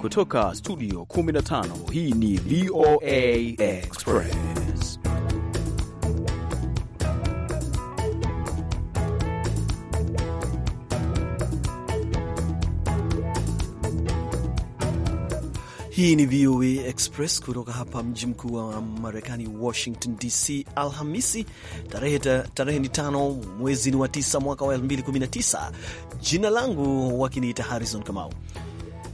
Kutoka studio 15 hii ni VOA Express. Hii ni VOA Express kutoka hapa mji mkuu wa Marekani, Washington DC. Alhamisi tarehe, tarehe ni tano mwezi ni wa tisa mwaka wa 2019. Jina langu wakiniita Harrison Kamau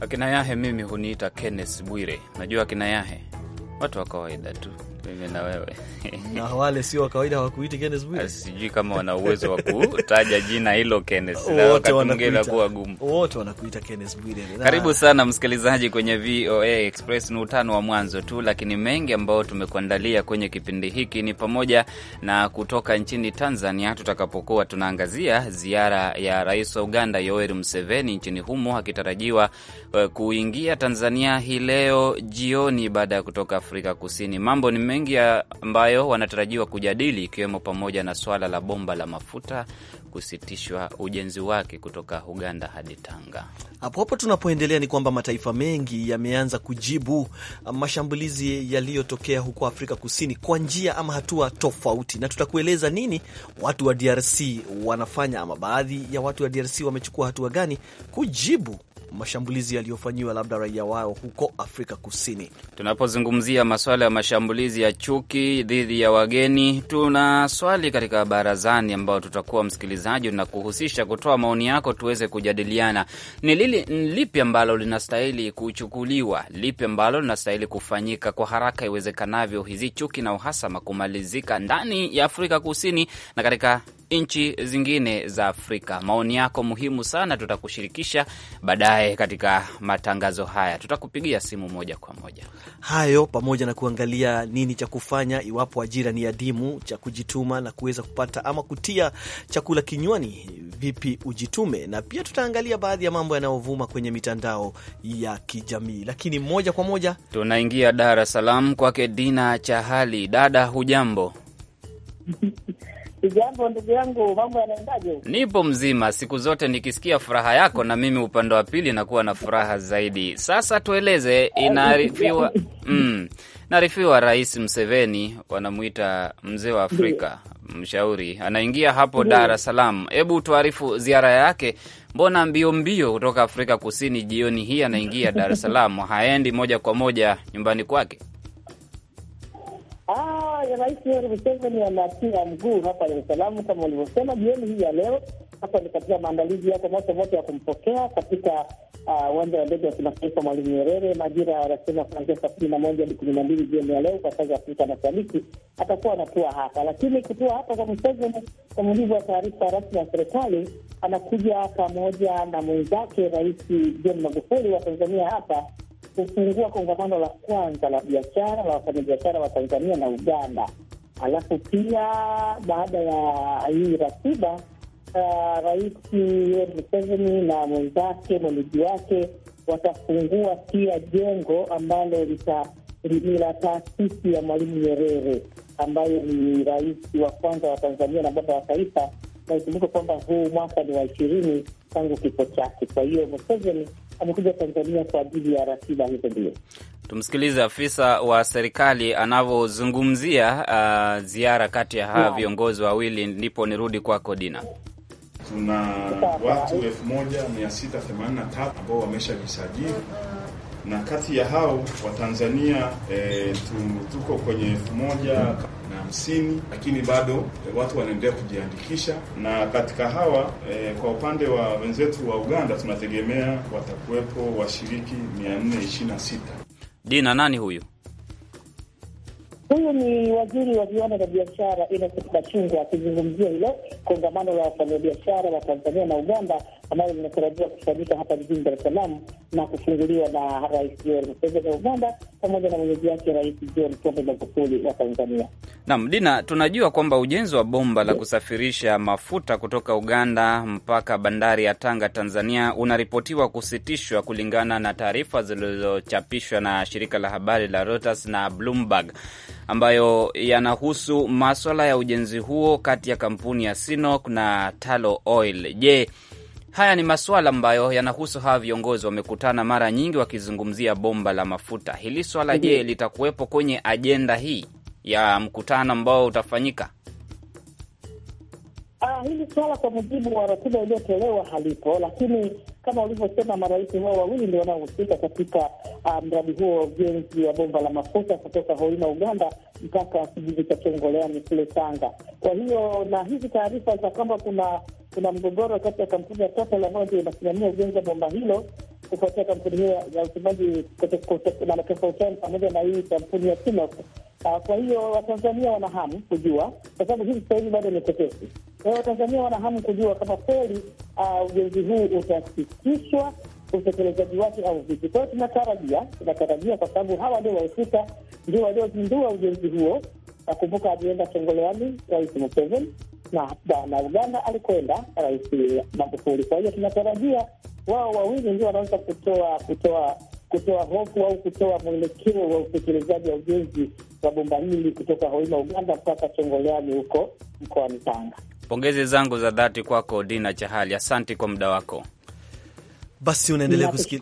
akina Yahe mimi huniita Kenneth Bwire. Najua akina Yahe watu wa kawaida tu mimi na wewe na wale sio wa kawaida, hawakuiti Kenneth Bwire. Sijui kama wana uwezo wa kutaja jina hilo Kenneth, na wakati mwingine gumu, wote wanakuita Kenneth Bwire. Karibu sana msikilizaji kwenye VOA Express. Ni utano wa mwanzo tu, lakini mengi ambayo tumekuandalia kwenye kipindi hiki ni pamoja na kutoka nchini Tanzania tutakapokuwa tunaangazia ziara ya rais wa Uganda Yoweri Museveni nchini humo akitarajiwa eh, kuingia Tanzania hii leo jioni baada ya kutoka Afrika Kusini. Mambo ni mengi ambayo wanatarajiwa kujadili, ikiwemo pamoja na swala la bomba la mafuta kusitishwa ujenzi wake kutoka Uganda hadi Tanga. Hapo hapo tunapoendelea ni kwamba mataifa mengi yameanza kujibu uh, mashambulizi yaliyotokea huko Afrika Kusini kwa njia ama hatua tofauti, na tutakueleza nini watu wa DRC wanafanya ama baadhi ya watu wa DRC wamechukua hatua gani kujibu mashambulizi yaliyofanyiwa labda raia wao huko Afrika Kusini. Tunapozungumzia masuala ya mashambulizi ya chuki dhidi ya wageni, tuna swali katika barazani ambayo tutakuwa msikilizaji na kuhusisha kutoa maoni yako, tuweze kujadiliana ni lipi ambalo linastahili kuchukuliwa, lipi ambalo linastahili kufanyika kwa haraka iwezekanavyo, hizi chuki na uhasama kumalizika ndani ya Afrika Kusini na katika nchi zingine za Afrika. Maoni yako muhimu sana, tutakushirikisha baadaye katika matangazo haya, tutakupigia simu moja kwa moja. Hayo pamoja na kuangalia nini cha kufanya iwapo ajira ni adimu, cha kujituma na kuweza kupata ama kutia chakula kinywani, vipi ujitume, na pia tutaangalia baadhi ya mambo yanayovuma kwenye mitandao ya kijamii. Lakini moja kwa moja tunaingia Dar es Salaam kwake Dina Chahali. Dada, hujambo? Sijambo ndugu yangu, mambo yanaendaje? Nipo mzima, siku zote nikisikia furaha yako na mimi upande wa pili nakuwa na furaha zaidi. Sasa tueleze, inaarifiwa mm, naarifiwa Rais Mseveni wanamwita mzee wa Afrika mshauri, anaingia hapo Dar es Salaam. Hebu tuarifu ziara yake, mbona mbio mbio kutoka Afrika Kusini? Jioni hii anaingia Dar es Salaam, haendi moja kwa moja nyumbani kwake? Rais Yoweri Museveni anatia mguu hapa Dar es Salaam kama ulivyosema jioni hii ya leo. Hapa ni katika maandalizi yako moto moto ya kumpokea katika uh, uwanja wa ndege wa kimataifa Mwalimu Nyerere majira wanasema kuanzia saa kumi na moja hadi kumi na mbili jioni ya leo kwa saa za Afrika Mashariki atakuwa anatua hapa, lakini kutua hapa kwa Museveni, kwa mujibu wa taarifa rasmi ya serikali, anakuja pamoja na mwenzake Rais John Magufuli wa Tanzania hapa kufungua kongamano la kwanza la biashara la wafanyabiashara wa Tanzania na Uganda. Alafu pia baada ya hii ratiba uh, Rais Museveni na mwenzake mwenyeji wake watafungua pia jengo ambalo ni la taasisi ya Mwalimu Nyerere ambayo ni rais wa kwanza wa Tanzania na baba wa taifa, na ikumbuke kwamba huu mwaka ni wa ishirini tangu kifo chake. Kwa hiyo Museveni amekuja Tanzania kwa ajili ya ratiba hizo. Ndio tumsikilize afisa wa serikali anavyozungumzia uh, ziara kati ya hawa viongozi wawili, ndipo nirudi kwako Dina. Tuna watu 1683 ambao wameshajisajili na kati ya hao Watanzania e, eh, tuko kwenye elfu moja hamsini, lakini bado eh, watu wanaendelea kujiandikisha, na katika hawa e, kwa upande wa wenzetu wa Uganda tunategemea watakuwepo washiriki 426. Dina, nani huyu? Huyu ni waziri wa viwanda na biashara Innocent Bachungwa akizungumzia hilo kongamano la wafanyabiashara wa Tanzania na Uganda ambalo linatarajiwa kufanyika hapa jijini Dar es Salaam na kufunguliwa na Rais Yoweri Museveni wa Uganda pamoja na mwenyeji wake Rais John Pombe Magufuli wa Tanzania. Naam, Dina, tunajua kwamba ujenzi wa bomba la kusafirisha mafuta kutoka Uganda mpaka bandari ya Tanga, Tanzania, unaripotiwa kusitishwa kulingana na taarifa zilizochapishwa na shirika la habari la Reuters na Bloomberg, ambayo yanahusu maswala ya ujenzi huo kati ya kampuni ya Sinok na Talo Oil. Je, Haya ni masuala ambayo yanahusu hawa viongozi, wamekutana mara nyingi wakizungumzia bomba la mafuta. Hili swala je, litakuwepo kwenye ajenda hii ya mkutano ambao utafanyika? Ah, hili swala kwa mujibu wa ratiba iliyotolewa halipo, lakini kama ulivyosema, marais hao wawili ndio wanaohusika katika ah, mradi huo wa ujenzi wa bomba la mafuta kutoka Hoima, Uganda mpaka kijiji cha Chongoleani kule Tanga. Kwa hiyo na hizi taarifa za kwamba kuna kuna mgogoro kati ya kampuni ya Total ambayo ndio inasimamia ujenzi wa bomba hilo kufuatia kampuni hiyo ya uchumaji Nanotofautian pamoja na hii kampuni ya Sinop. Ah, kwa hiyo Watanzania wana hamu kujua, kwa sababu hivi sasa hivi bado ni tetesi. Kwa hiyo Watanzania wana hamu kujua kama kweli ah, ujenzi huu utasitishwa utekelezaji wake au vipi? Kwa hiyo tunatarajia, tunatarajia kwa sababu hawa ndio wahusika, ndio waliozindua ujenzi huo. Nakumbuka alienda Chengoleani Rais Museveni na bwana Uganda alikwenda Rais Magufuli. Kwa hiyo tunatarajia wao wawili ndio wanaweza kutoa kutoa kutoa hofu au kutoa mwelekeo wa utekelezaji wa ujenzi wa bomba hili kutoka Hoima, Uganda, mpaka Chongoleani huko mkoani Tanga. Pongezi zangu za dhati kwako Dina Chahali, asante kwa muda wako. Basi unaendelea kusikia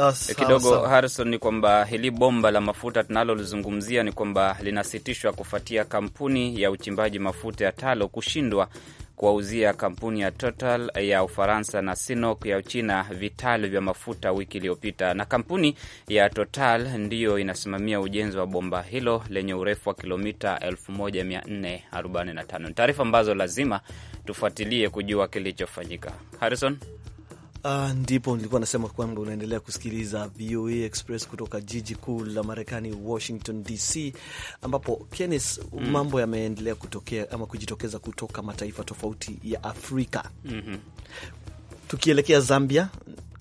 ah, eh, kidogo Harrison, ni kwamba hili bomba la mafuta tunalolizungumzia ni kwamba linasitishwa kufuatia kampuni ya uchimbaji mafuta ya Talo kushindwa kuwauzia kampuni ya Total ya Ufaransa na Sinok ya Uchina vitalu vya mafuta wiki iliyopita. Na kampuni ya Total ndiyo inasimamia ujenzi wa bomba hilo lenye urefu wa kilomita 1445. taarifa ambazo lazima tufuatilie kujua kilichofanyika. Harrison. Uh, ndipo nilikuwa nasema kwamba unaendelea kusikiliza VOA Express kutoka jiji kuu la Marekani, Washington DC, ambapo Kenis, mm. mambo yameendelea kutokea ama kujitokeza kutoka mataifa tofauti ya Afrika mm -hmm. tukielekea Zambia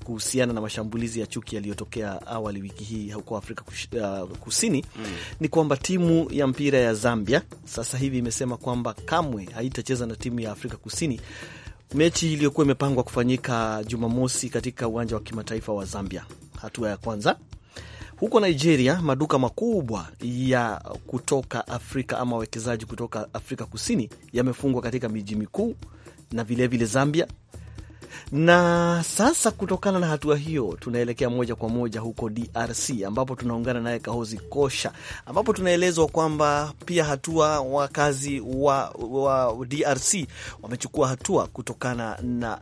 kuhusiana na mashambulizi ya chuki yaliyotokea awali wiki hii huko Afrika ah, Kusini mm. ni kwamba timu ya mpira ya Zambia sasa hivi imesema kwamba kamwe haitacheza na timu ya Afrika Kusini mechi iliyokuwa imepangwa kufanyika Jumamosi katika uwanja wa kimataifa wa Zambia, hatua ya kwanza. Huko Nigeria, maduka makubwa ya kutoka Afrika ama wawekezaji kutoka Afrika Kusini yamefungwa katika miji mikuu na vilevile Zambia, na sasa kutokana na hatua hiyo, tunaelekea moja kwa moja huko DRC ambapo tunaungana naye Kahozi Kosha, ambapo tunaelezwa kwamba pia hatua wakazi wa, wa DRC wamechukua hatua kutokana na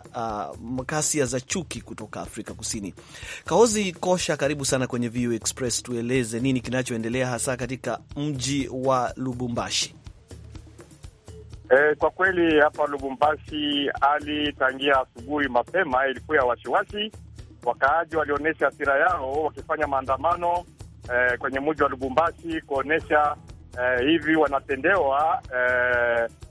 uh, ghasia za chuki kutoka Afrika Kusini. Kahozi Kosha, karibu sana kwenye VOA Express, tueleze nini kinachoendelea hasa katika mji wa Lubumbashi. E, kwa kweli hapa Lubumbashi hali tangia asubuhi mapema ilikuwa ya wasiwasi. Wakaaji walionyesha hasira yao wakifanya maandamano e, kwenye mji wa Lubumbashi kuonyesha e, hivi wanatendewa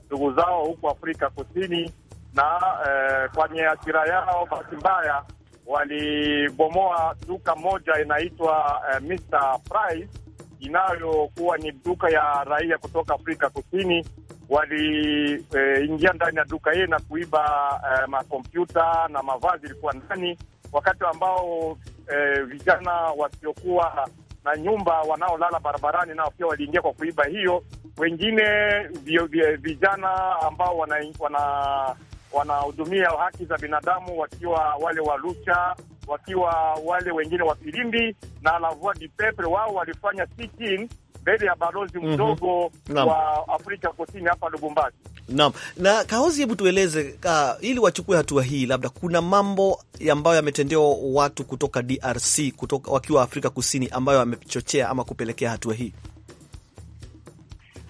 ndugu zao huko Afrika Kusini, na e, kwenye hasira yao bahati mbaya walibomoa duka moja inaitwa e, Mr Price inayokuwa ni duka ya raia kutoka Afrika Kusini waliingia eh, e, ndani ya duka hili na kuiba e, makompyuta na mavazi ilikuwa ndani, wakati ambao e, vijana wasiokuwa na nyumba wanaolala barabarani nao pia waliingia kwa kuiba hiyo. Wengine vijana ambao wanahudumia wana, wana haki za binadamu wakiwa wale wa Lucha wakiwa wale wengine wa Filimbi na La Voix du Peuple, wao walifanya sit-in mbele ya balozi mhm. mdogo mm -hmm. wa Afrika Kusini hapa Lubumbashi. Naam, na Kaozi, hebu tueleze uh, ili wachukue hatua hii, labda kuna mambo ambayo yametendewa watu kutoka DRC kutoka, wakiwa Afrika Kusini ambayo amechochea ama kupelekea hatua hii.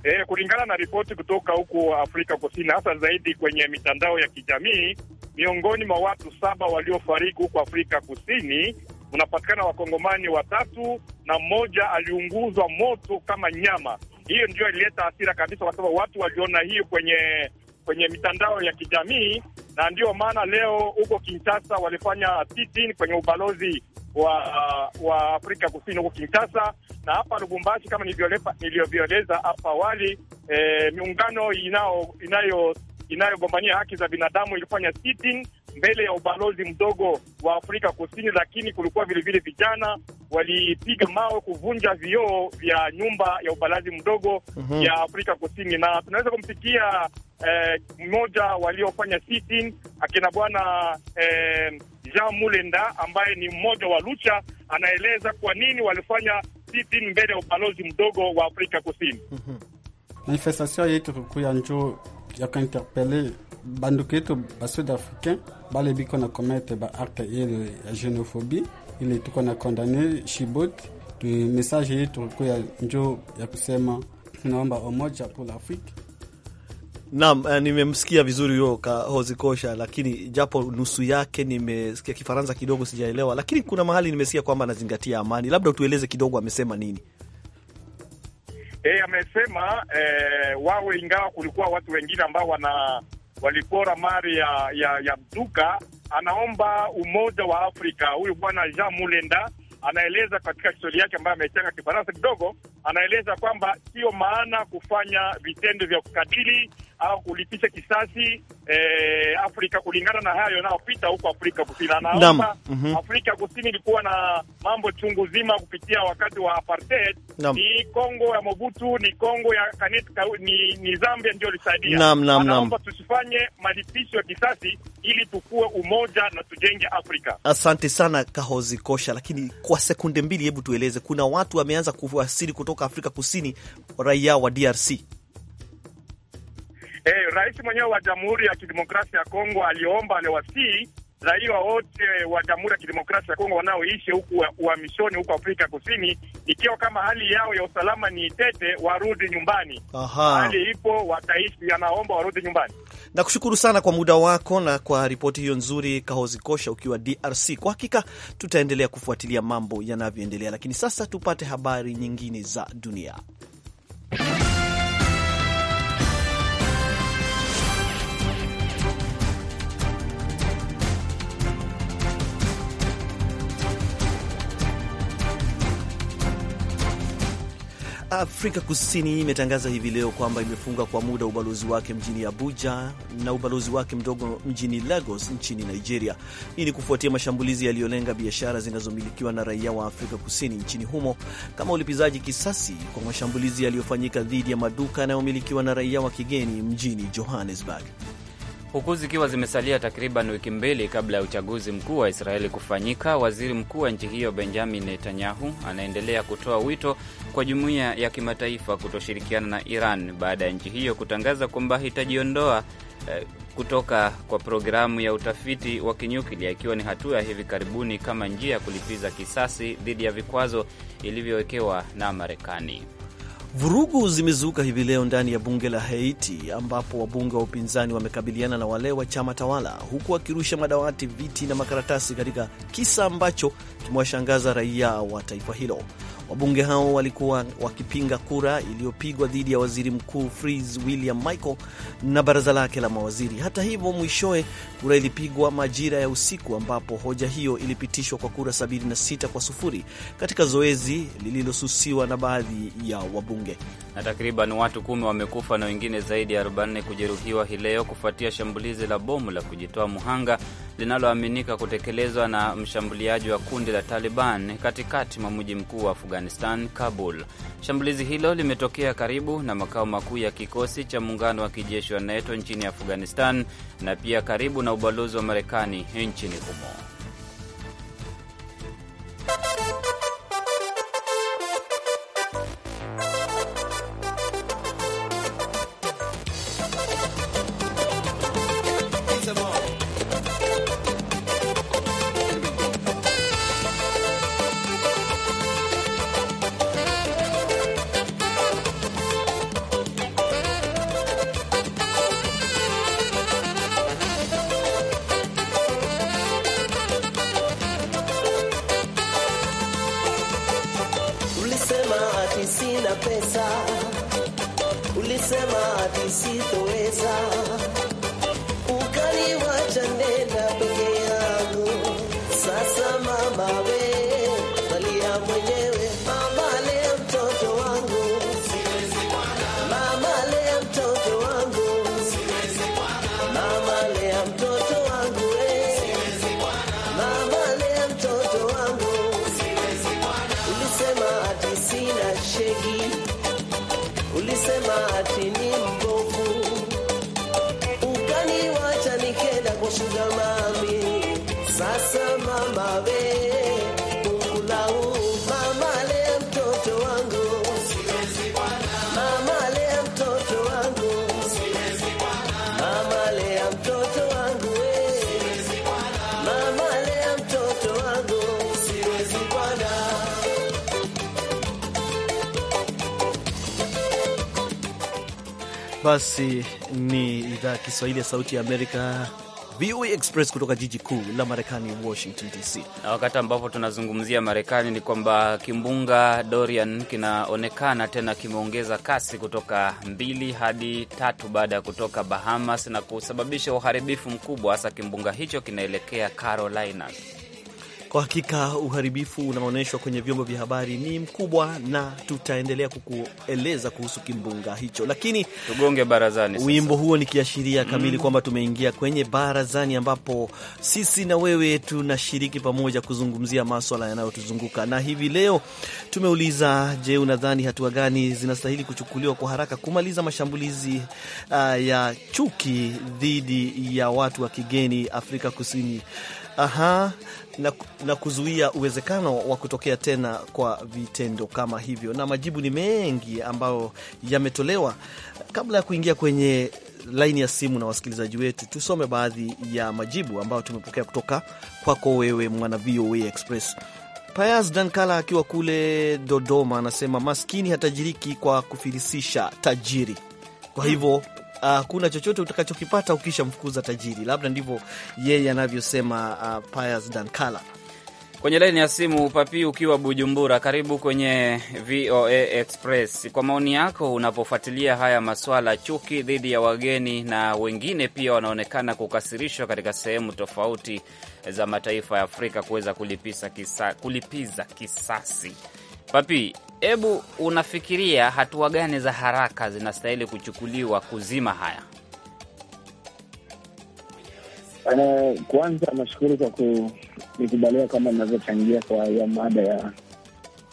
E, kulingana na ripoti kutoka huku Afrika Kusini hasa zaidi kwenye mitandao ya kijamii miongoni mwa watu saba waliofariki huko Afrika Kusini unapatikana wakongomani watatu na mmoja aliunguzwa moto kama nyama. Hiyo ndio ilileta hasira kabisa, kwa sababu watu waliona hiyo kwenye kwenye mitandao ya kijamii, na ndio maana leo huko Kinshasa walifanya sit-in kwenye ubalozi wa wa Afrika Kusini huko Kinshasa, na hapa Lubumbashi, kama nilivyoeleza hapo awali, eh, miungano inao inayo inayogombania haki za binadamu ilifanya sitting mbele ya ubalozi mdogo wa Afrika Kusini, lakini kulikuwa vilevile vijana walipiga mawe kuvunja vioo vya nyumba ya ubalozi mdogo mm -hmm. ya Afrika Kusini, na tunaweza kumsikia eh, mmoja waliofanya sitting akina bwana eh, Jean Mulenda ambaye ni mmoja wa Lucha anaeleza kwa nini walifanya sitting mbele ya ubalozi mdogo wa Afrika Kusini. mm -hmm. manifestation yetu kuya njoo yakainterpele banduku yetu basud africain bale biko na komete baakte ile ya genofobi ile tuko na kondane shibot tu mesaje yetu kuya njo ya kusema tunaomba umoja pour Afrika. Naam, eh, nimemsikia vizuri huyo Kahozi Kosha, lakini japo nusu yake nimesikia Kifaransa kidogo sijaelewa, lakini kuna mahali nimesikia kwamba anazingatia amani. Labda utueleze kidogo amesema nini? yeye eh, amesema eh, wawe ingawa kulikuwa watu wengine ambao wana walipora mali ya, ya ya duka. Anaomba umoja wa Afrika. Huyu bwana Jean Mulenda anaeleza katika historia yake ambayo amechanga Kifaransa kidogo, anaeleza kwamba sio maana kufanya vitendo vya kukatili au kulipisha kisasi eh, Afrika kulingana na hayo yanayopita huko Afrika Kusini. Anaona mm -hmm. Afrika Kusini ilikuwa na mambo chungu zima kupitia wakati wa apartheid. Ni Kongo ya Mobutu, ni Kongo ya Kenneth ni, ni Zambia ndio ilisaidia. Anaomba tusifanye malipisho ya kisasi ili tukue umoja na tujenge Afrika. Asante sana Kahozi Kosha, lakini kwa sekunde mbili, hebu tueleze, kuna watu wameanza kuwasili kutoka kutoka Afrika Kusini, raia wa DRC. Hey, eh, rais mwenyewe wa Jamhuri ya Kidemokrasia ya Kongo aliomba alewasii raia wote wa Jamhuri ya Kidemokrasia ya Kongo wanaoishi huku uhamishoni huku Afrika Kusini, ikiwa kama hali yao ya usalama ni tete, warudi nyumbani. Aha. Hali ipo, wataishi, anaomba warudi nyumbani. Nakushukuru sana kwa muda wako na kwa ripoti hiyo nzuri, Kahozi Kosha, ukiwa DRC. Kwa hakika tutaendelea kufuatilia mambo yanavyoendelea, lakini sasa tupate habari nyingine za dunia. Afrika Kusini imetangaza hivi leo kwamba imefunga kwa muda ubalozi wake mjini Abuja na ubalozi wake mdogo mjini Lagos nchini Nigeria. Hii ni kufuatia mashambulizi yaliyolenga biashara zinazomilikiwa na raia wa Afrika Kusini nchini humo kama ulipizaji kisasi kwa mashambulizi yaliyofanyika dhidi ya maduka yanayomilikiwa na raia wa kigeni mjini Johannesburg huku zikiwa zimesalia takriban wiki mbili kabla ya uchaguzi mkuu wa Israeli kufanyika. Waziri mkuu wa nchi hiyo Benjamin Netanyahu anaendelea kutoa wito kwa jumuiya ya kimataifa kutoshirikiana na Iran baada ya nchi hiyo kutangaza kwamba itajiondoa eh, kutoka kwa programu ya utafiti wa kinyuklia ikiwa ni hatua ya hivi karibuni kama njia ya kulipiza kisasi dhidi ya vikwazo ilivyowekewa na Marekani. Vurugu zimezuka hivi leo ndani ya bunge la Haiti ambapo wabunge wa upinzani wamekabiliana na wale wa chama tawala huku wakirusha madawati, viti na makaratasi katika kisa ambacho kimewashangaza raia wa taifa hilo. Wabunge hao walikuwa wakipinga kura iliyopigwa dhidi ya waziri mkuu Freeze William Michael na baraza lake la mawaziri. Hata hivyo, mwishowe kura ilipigwa majira ya usiku, ambapo hoja hiyo ilipitishwa kwa kura 76 kwa sufuri katika zoezi lililosusiwa na baadhi ya wabunge. Na takriban watu kumi wamekufa na wengine zaidi ya 40 kujeruhiwa hii leo kufuatia shambulizi la bomu la kujitoa muhanga linaloaminika kutekelezwa na mshambuliaji wa kundi la Taliban katikati mwa mji mkuu wa Afghanistan, Kabul. Shambulizi hilo limetokea karibu na makao makuu ya kikosi cha muungano wa kijeshi wa NATO nchini Afghanistan na pia karibu na ubalozi wa Marekani nchini humo. pesa, ulisema hati Basi ni idhaa ya Kiswahili ya Sauti ya Amerika, VOA Express kutoka jiji kuu la Marekani, Washington DC. Na wakati ambapo tunazungumzia Marekani, ni kwamba kimbunga Dorian kinaonekana tena kimeongeza kasi kutoka mbili hadi tatu baada ya kutoka Bahamas na kusababisha uharibifu mkubwa, hasa kimbunga hicho kinaelekea Carolinas. Kwa hakika uharibifu unaonyeshwa kwenye vyombo vya habari ni mkubwa, na tutaendelea kukueleza kuhusu kimbunga hicho, lakini tugonge barazani Wimbo huo ni kiashiria mm-hmm. kamili mm, kwamba tumeingia kwenye barazani, ambapo sisi na wewe tunashiriki pamoja kuzungumzia maswala yanayotuzunguka, na hivi leo tumeuliza, je, unadhani hatua gani zinastahili kuchukuliwa kwa haraka kumaliza mashambulizi uh, ya chuki dhidi ya watu wa kigeni Afrika Kusini? Aha, na, na kuzuia uwezekano wa kutokea tena kwa vitendo kama hivyo. Na majibu ni mengi ambayo yametolewa. Kabla ya kuingia kwenye laini ya simu na wasikilizaji wetu, tusome baadhi ya majibu ambayo tumepokea kutoka kwako wewe mwana VOA Express. Payas Dankala akiwa kule Dodoma anasema maskini hatajiriki kwa kufilisisha tajiri. Kwa hivyo Ah, hakuna uh, chochote utakachokipata ukishamfukuza tajiri. Labda ndivyo yeye anavyosema uh, Pius Dankala. Kwenye laini ya simu Papi ukiwa Bujumbura, karibu kwenye VOA Express. Kwa maoni yako, unapofuatilia haya maswala, chuki dhidi ya wageni na wengine pia wanaonekana kukasirishwa katika sehemu tofauti za mataifa ya Afrika kuweza kulipiza kisa, kulipiza kisasi, Papi Hebu unafikiria hatua gani za haraka zinastahili kuchukuliwa kuzima haya? Uh, kwanza nashukuru kwa kunikubalia kama inavyochangia kwa ya mada ya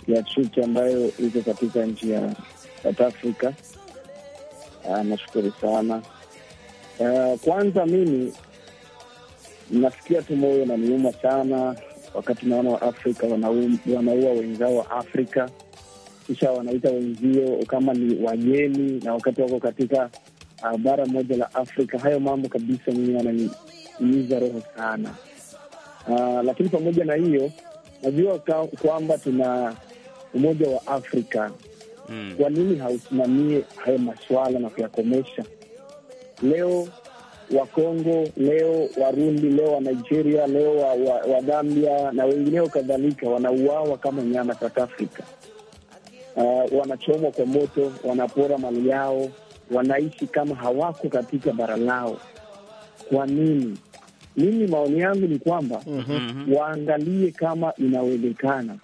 ya chuki ambayo iko katika nchi ya South Africa. Ah, nashukuru sana. Uh, kwanza mimi nafikia tu moyo na niuma sana wakati naona Waafrika wanaua wenzao wa Afrika kisha wanaita wenzio kama ni wageni, na wakati wako katika uh, bara moja la Afrika. Hayo mambo kabisa mimi yananiumiza roho sana. Uh, lakini pamoja na hiyo najua kwamba tuna Umoja wa Afrika mm. Kwa nini hausimamie hayo masuala na kuyakomesha? Leo Wakongo, leo Warundi, leo wa Nigeria, leo wa, wa, wa Gambia na wengineo kadhalika wanauawa kama nyama South Africa uh, wanachomwa kwa moto, wanapora mali yao, wanaishi kama hawako katika bara lao. Kwa nini? Mimi maoni yangu ni kwamba mm -hmm. waangalie kama inawezekana,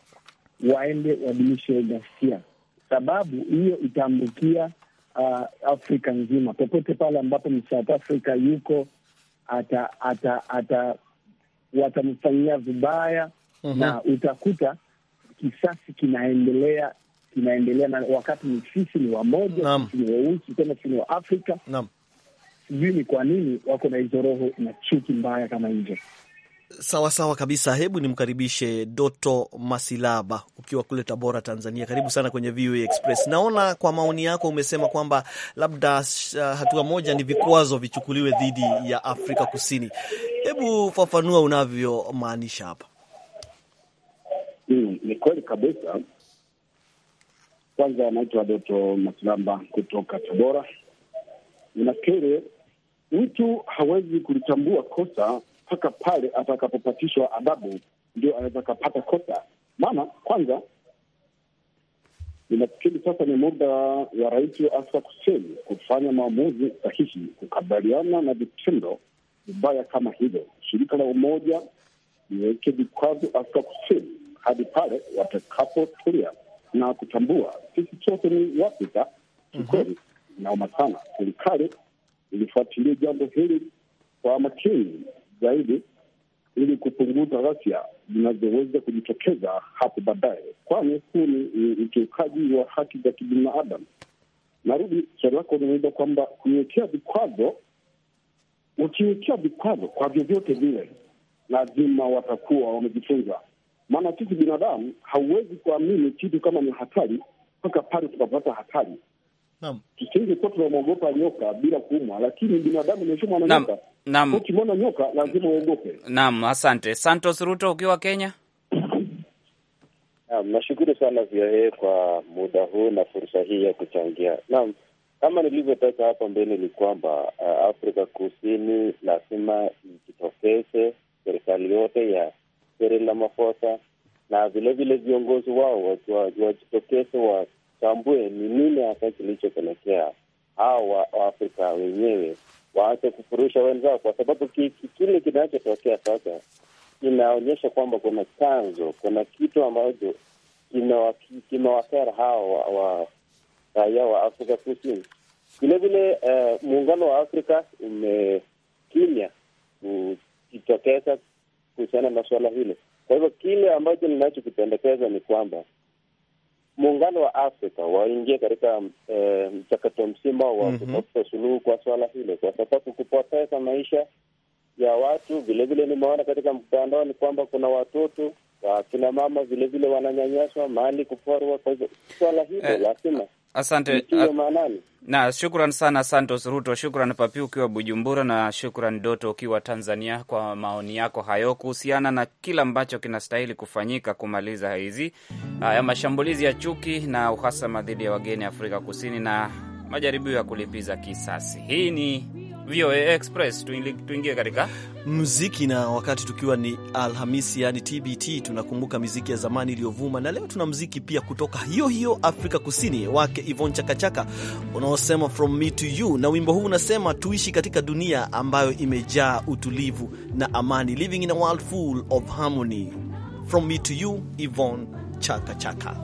waende wadumishe ghasia, sababu hiyo itaambukia uh, Afrika nzima. Popote pale ambapo South Africa yuko ata, ata, ata watamfanyia vibaya mm -hmm. na utakuta kisasi kinaendelea inaendelea na wakati ni sisi ni wamoja, sisi ni weusi tena sisi ni Waafrika. Sijui ni kwa nini wako na hizo roho na chuki mbaya kama hivyo. Sawa sawa kabisa. Hebu nimkaribishe Doto Masilaba ukiwa kule Tabora, Tanzania. Karibu sana kwenye VOA e Express. Naona kwa maoni yako umesema kwamba labda uh, hatua moja ni vikwazo vichukuliwe dhidi ya Afrika Kusini. Hebu fafanua unavyomaanisha hapa. Mm, ni kweli kabisa. Kwanza anaitwa Doto Masilamba kutoka Tabora. Ninafikiri mtu hawezi kulitambua kosa mpaka pale atakapopatishwa adhabu, ndio anaweza akapata kosa. Maana kwanza ninafikiri sasa ni muda wa rais wa Afrika Kusini kufanya maamuzi sahihi kukabiliana na vitendo vibaya kama hivyo. Shirika la Umoja liweke vikwazo Afrika Kusini hadi pale watakapotulia na kutambua sisi sote ni Waafrika kikweli, mhm. naoma sana. Serikali ilifuatilia jambo hili kwa makini zaidi ili kupunguza ghasia zinazoweza kujitokeza hapo baadaye, kwani huu ni ukiukaji wa haki za kibinadamu. Narudi swali lako, unaweza kwamba kuniwekea vikwazo, ukiwekea vikwazo kwa vyovyote vile, lazima watakuwa wamejifunza maana sisi binadamu hauwezi kuamini kitu kama ni hatari mpaka pale tunapata hatari. Naam, tusingekuwa tunamwogopa nyoka bila kuumwa, lakini binadamu imeshomwa na nyoka. Naam, ukimwona nyoka lazima uogope. Naam, asante Santos Ruto ukiwa Kenya. Naam, nashukuru sana VOA kwa muda huu na fursa hii ya kuchangia. Naam, kama nilivyotoka hapo mbele ni kwamba uh, Afrika Kusini lazima ijitokeze, serikali yote ya Cyril Ramaphosa na vilevile viongozi wao wajitokeze, watambue ni nini hasa kilichopelekea hawa Waafrika wenyewe waache kufurusha wenzao, kwa sababu kile kinachotokea sasa inaonyesha kwamba kuna chanzo, kuna kitu ambacho kimewakera hawa wa raia wa Afrika Kusini. Vilevile eh, muungano wa Afrika umekimya kujitokeza kuhusiana na suala hilo. Kwa hivyo kile ambacho ninachokipendekeza ni kwamba muungano wa Afrika waingie katika mchakato eh, mchakato mzima wa mm -hmm. kutafuta suluhu kwa suala hilo, kwa sababu kupoteza maisha ya watu vilevile, nimeona katika mtandao ni kwamba kuna watoto wakina mama vilevile wananyanyaswa, mali kuporwa. Kwa hivyo swala hilo eh, lazima Asante na shukran sana Santos Ruto, shukran Papi ukiwa Bujumbura na shukran Doto ukiwa Tanzania kwa maoni yako hayo kuhusiana na kila ambacho kinastahili kufanyika kumaliza hizi haya ah, mashambulizi ya chuki na uhasama dhidi ya wageni Afrika Kusini na majaribio ya kulipiza kisasi. Hii ni VOA Express tuingie katika muziki. Na wakati tukiwa ni Alhamisi, yani TBT, tunakumbuka muziki ya zamani iliyovuma, na leo tuna muziki pia kutoka hiyo hiyo Afrika Kusini wake Ivon Chakachaka unaosema from me to you, na wimbo huu unasema tuishi katika dunia ambayo imejaa utulivu na amani, living in a world full of harmony. From me to you, Ivon Chakachaka.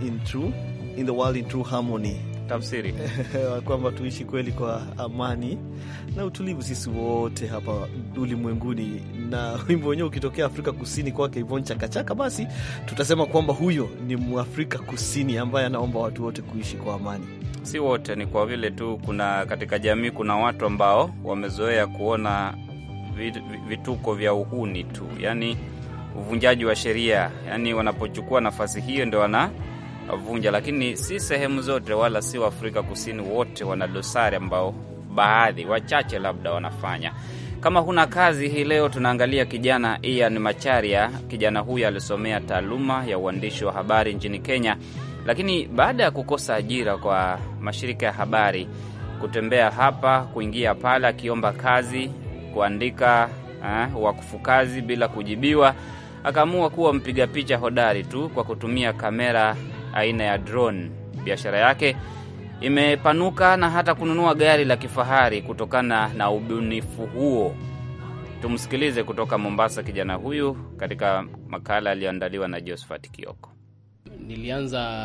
in true, in the world in true harmony tafsiri kwamba tuishi kweli kwa amani na utulivu sisi wote hapa ulimwenguni. Na wimbo wenyewe ukitokea Afrika Kusini kwake Ivon Chakachaka, basi tutasema kwamba huyo ni Mwafrika Kusini ambaye anaomba watu wote kuishi kwa amani. Si wote, ni kwa vile tu kuna katika jamii kuna watu ambao wamezoea kuona vituko vya uhuni tu, yani uvunjaji wa sheria, yani wanapochukua nafasi hiyo ndio wana vunja, lakini si sehemu zote, wala si Waafrika Kusini wote wana dosari, ambao baadhi wachache labda wanafanya kama huna kazi hii leo, tunaangalia kijana Ian Macharia. Kijana huyu alisomea taaluma ya uandishi wa habari nchini Kenya, lakini baada ya kukosa ajira kwa mashirika ya habari, kutembea hapa kuingia pale, akiomba kazi, kuandika eh, wakufu kazi bila kujibiwa, akaamua kuwa mpiga picha hodari tu kwa kutumia kamera aina ya drone. Biashara yake imepanuka na hata kununua gari la kifahari kutokana na ubunifu huo. Tumsikilize kutoka Mombasa kijana huyu katika makala aliyoandaliwa na Josephat Kioko. Nilianza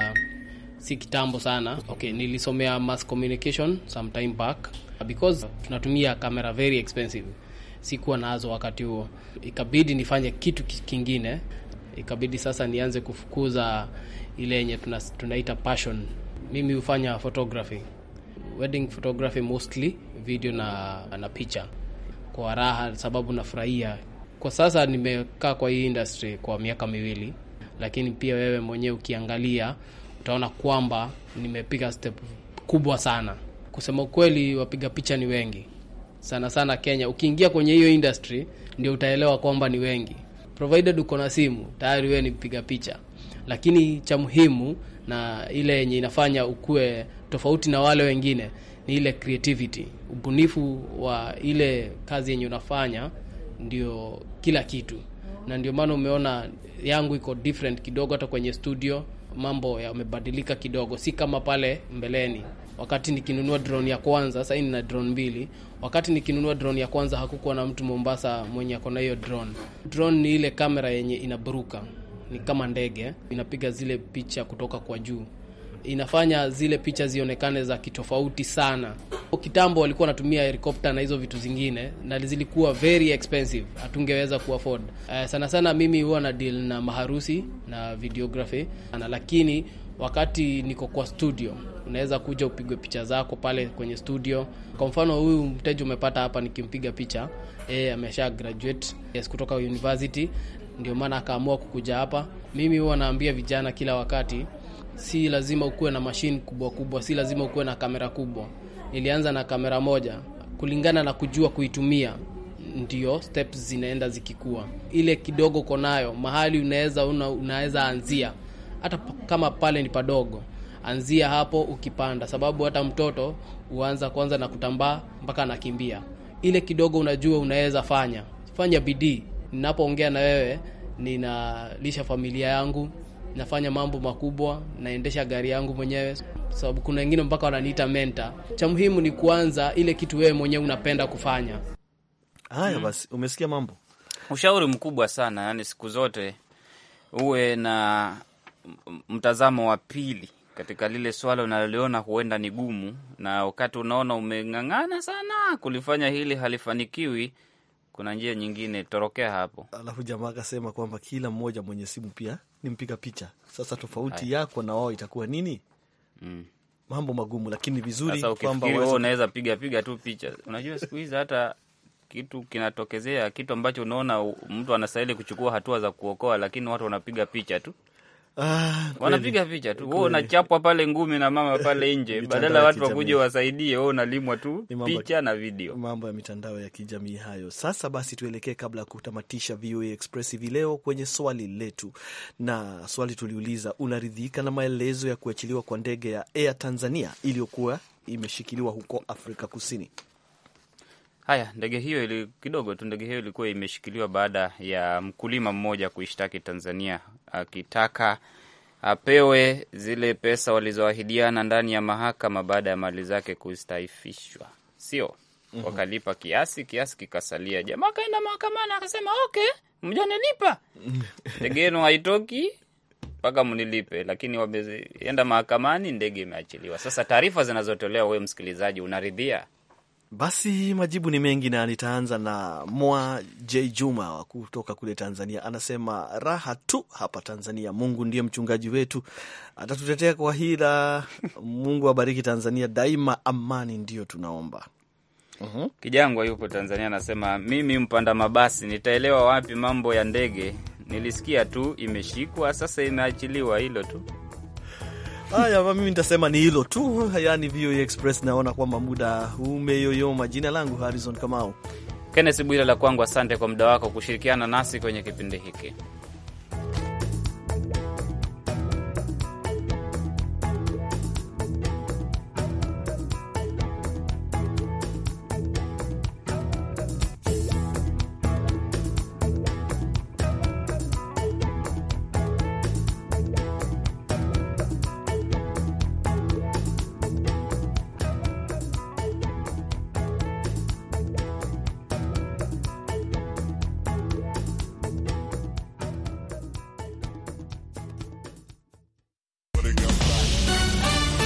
si kitambo sana. Okay, nilisomea mass communication some time back because tunatumia kamera very expensive, sikuwa nazo wakati huo, ikabidi nifanye kitu kingine. Ikabidi sasa nianze kufukuza ile yenye tunaita passion. Mimi hufanya photography, wedding photography mostly, video na, na picha kwa raha, sababu nafurahia. Kwa sasa nimekaa kwa hii industry kwa miaka miwili, lakini pia wewe mwenyewe ukiangalia utaona kwamba nimepiga step kubwa sana. Kusema ukweli, wapiga picha ni wengi sana sana Kenya. Ukiingia kwenye hiyo industry ndio utaelewa kwamba ni wengi, provided uko na simu tayari wewe ni mpiga picha lakini cha muhimu na ile yenye inafanya ukue tofauti na wale wengine ni ile creativity, ubunifu wa ile kazi yenye unafanya ndio kila kitu, na ndio maana umeona yangu iko different kidogo. Hata kwenye studio mambo yamebadilika kidogo, si kama pale mbeleni wakati nikinunua drone ya kwanza. Sasa nina drone mbili. Wakati nikinunua drone ya kwanza hakukuwa na mtu Mombasa mwenye akona hiyo drone. Drone ni ile kamera yenye inaburuka ni kama ndege, inapiga zile picha kutoka kwa juu, inafanya zile picha zionekane za kitofauti sana. Kitambo walikuwa wanatumia helikopta na hizo vitu zingine, na zilikuwa very expensive, hatungeweza afford. Uh, eh, sana sana mimi huwa na deal na maharusi na videography na, lakini wakati niko kwa studio unaweza kuja upigwe picha zako pale kwenye studio. Kwa mfano huyu mteja umepata hapa, nikimpiga picha yeye amesha graduate yes, kutoka university ndio maana akaamua kukuja hapa. Mimi huwa naambia vijana kila wakati, si lazima ukuwe na mashine kubwa kubwa, si lazima ukuwe na kamera kubwa. Nilianza na kamera moja, kulingana na kujua kuitumia ndio steps zinaenda zikikua. Ile kidogo uko nayo, mahali unaweza una, unaweza anzia hata kama pale ni padogo, anzia hapo ukipanda, sababu hata mtoto huanza kwanza na kutambaa mpaka anakimbia. Ile kidogo unajua unaweza fanya, fanya bidii ninapoongea na wewe ninalisha familia yangu, nafanya mambo makubwa, naendesha gari yangu mwenyewe, sababu kuna wengine mpaka wananiita menta. Cha muhimu ni kuanza ile kitu wewe mwenyewe unapenda kufanya. Haya mm-hmm. basi, umesikia mambo, ushauri mkubwa sana. Yani siku zote uwe na mtazamo wa pili katika lile swala unaloliona huenda ni gumu, na wakati unaona umeng'ang'ana sana kulifanya hili halifanikiwi kuna njia nyingine, torokea hapo. Alafu jamaa akasema kwamba kila mmoja mwenye simu pia ni mpiga picha. Sasa tofauti Hai. yako na wao itakuwa nini? mm. Mambo magumu, lakini vizuri kwamba wewe unaweza piga piga tu picha. Unajua siku hizi hata kitu kinatokezea, kitu ambacho unaona mtu anastahili kuchukua hatua za kuokoa, lakini watu wanapiga picha tu. Ah, wanapiga picha tu, wewe unachapwa pale ngumi na mama pale nje, badala watu wakuja wasaidie, wewe unalimwa tu picha na video. Mambo ya mitandao ya kijamii hayo. Sasa basi, tuelekee kabla ya kutamatisha VOA Express hivi leo kwenye swali letu, na swali tuliuliza, unaridhika na maelezo ya kuachiliwa kwa ndege ya Air Tanzania iliyokuwa imeshikiliwa huko Afrika Kusini? Haya, ndege hiyo ili, kidogo tu ndege hiyo ilikuwa imeshikiliwa baada ya mkulima mmoja kuishtaki Tanzania akitaka apewe zile pesa walizoahidiana ndani ya mahakama baada ya mali zake kustaifishwa, sio mm -hmm. Wakalipa kiasi, kiasi kikasalia. Jamaa kaenda mahakamani akasema okay, mjanilipa ndege yenu haitoki mpaka mnilipe, lakini wameenda mahakamani, ndege imeachiliwa. Sasa taarifa zinazotolewa, wewe msikilizaji, unaridhia basi majibu ni mengi na nitaanza na Mwa J Juma kutoka kule Tanzania. Anasema raha tu hapa Tanzania, Mungu ndiye mchungaji wetu, atatutetea kwa hila. Mungu abariki Tanzania daima, amani ndiyo tunaomba. Uhum. Kijangwa yupo Tanzania anasema, mimi mpanda mabasi nitaelewa wapi mambo ya ndege? Nilisikia tu imeshikwa, sasa imeachiliwa, hilo tu. Haya, mimi nitasema ni hilo tu, yani VOA e Express. Naona kwamba muda umeyoyoma. Jina langu Harrison Kamau. kennes Bwira la kwangu, asante kwa muda wako kushirikiana nasi kwenye kipindi hiki.